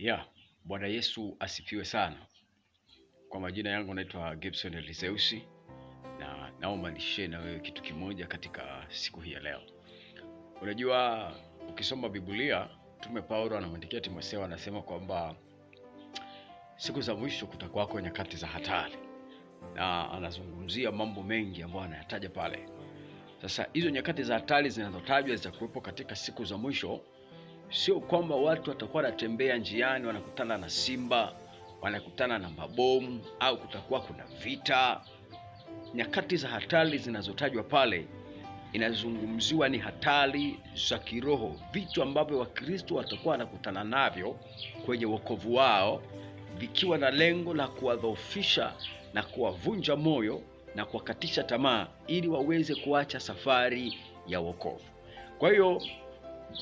Ya, Bwana Yesu asifiwe sana. Kwa majina yangu naitwa Gibson Eliseusi na naomba nishe na wewe kitu kimoja katika siku hii ya leo. Unajua, ukisoma Biblia Mtume Paulo anamwandikia Timotheo, anasema kwamba siku za mwisho kutakuwako nyakati za hatari, na anazungumzia mambo mengi ambayo anayataja pale. Sasa hizo nyakati za hatari zinazotajwa zitakuwepo katika siku za mwisho Sio kwamba watu watakuwa wanatembea njiani wanakutana na simba, wanakutana na mabomu au kutakuwa kuna vita. Nyakati za hatari zinazotajwa pale inazungumziwa ni hatari za kiroho, vitu ambavyo Wakristo watakuwa wanakutana navyo kwenye wokovu wao, vikiwa na lengo la kuwadhoofisha na kuwavunja moyo na kuwakatisha tamaa, ili waweze kuacha safari ya wokovu. Kwa hiyo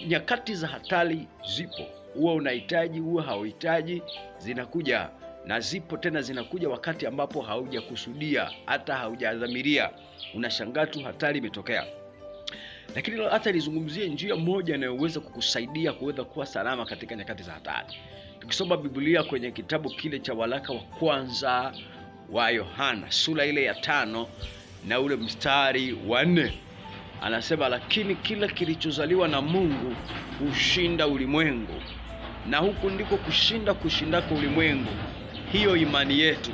nyakati za hatari zipo, huwa unahitaji, huwa hauhitaji, zinakuja na zipo tena, zinakuja wakati ambapo haujakusudia hata haujadhamiria. Unashangaa tu hatari imetokea. Lakini leo hata nizungumzie njia moja inayoweza kukusaidia kuweza kuwa salama katika nyakati za hatari. Tukisoma Biblia kwenye kitabu kile cha waraka wa kwanza wa Yohana sura ile ya tano na ule mstari wa nne Anasema, lakini kila kilichozaliwa na Mungu hushinda ulimwengu, na huku ndiko kushinda kushindako ulimwengu, hiyo imani yetu.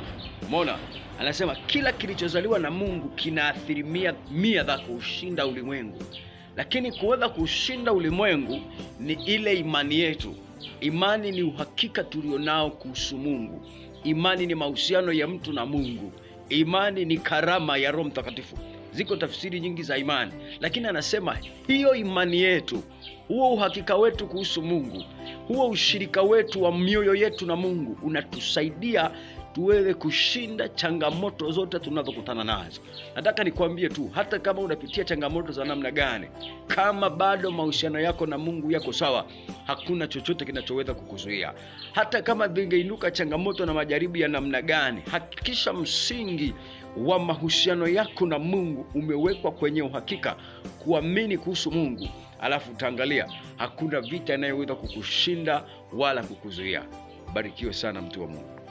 Umeona, anasema kila kilichozaliwa na Mungu kina asilimia mia za kushinda ulimwengu, lakini kuweza kuushinda ulimwengu ni ile imani yetu. Imani ni uhakika tulionao kuhusu Mungu. Imani ni mahusiano ya mtu na Mungu. Imani ni karama ya Roho Mtakatifu ziko tafsiri nyingi za imani, lakini anasema hiyo imani yetu, huo uhakika wetu kuhusu Mungu, huo ushirika wetu wa mioyo yetu na Mungu unatusaidia tuweze kushinda changamoto zote tunazokutana nazo. Nataka nikwambie tu, hata kama unapitia changamoto za namna gani, kama bado mahusiano yako na Mungu yako sawa, hakuna chochote kinachoweza kukuzuia. Hata kama vingeinuka changamoto na majaribu ya namna gani, hakikisha msingi wa mahusiano yako na Mungu umewekwa kwenye uhakika, kuamini kuhusu Mungu, alafu utaangalia hakuna vita inayoweza kukushinda wala kukuzuia. Barikiwe sana mtu wa Mungu.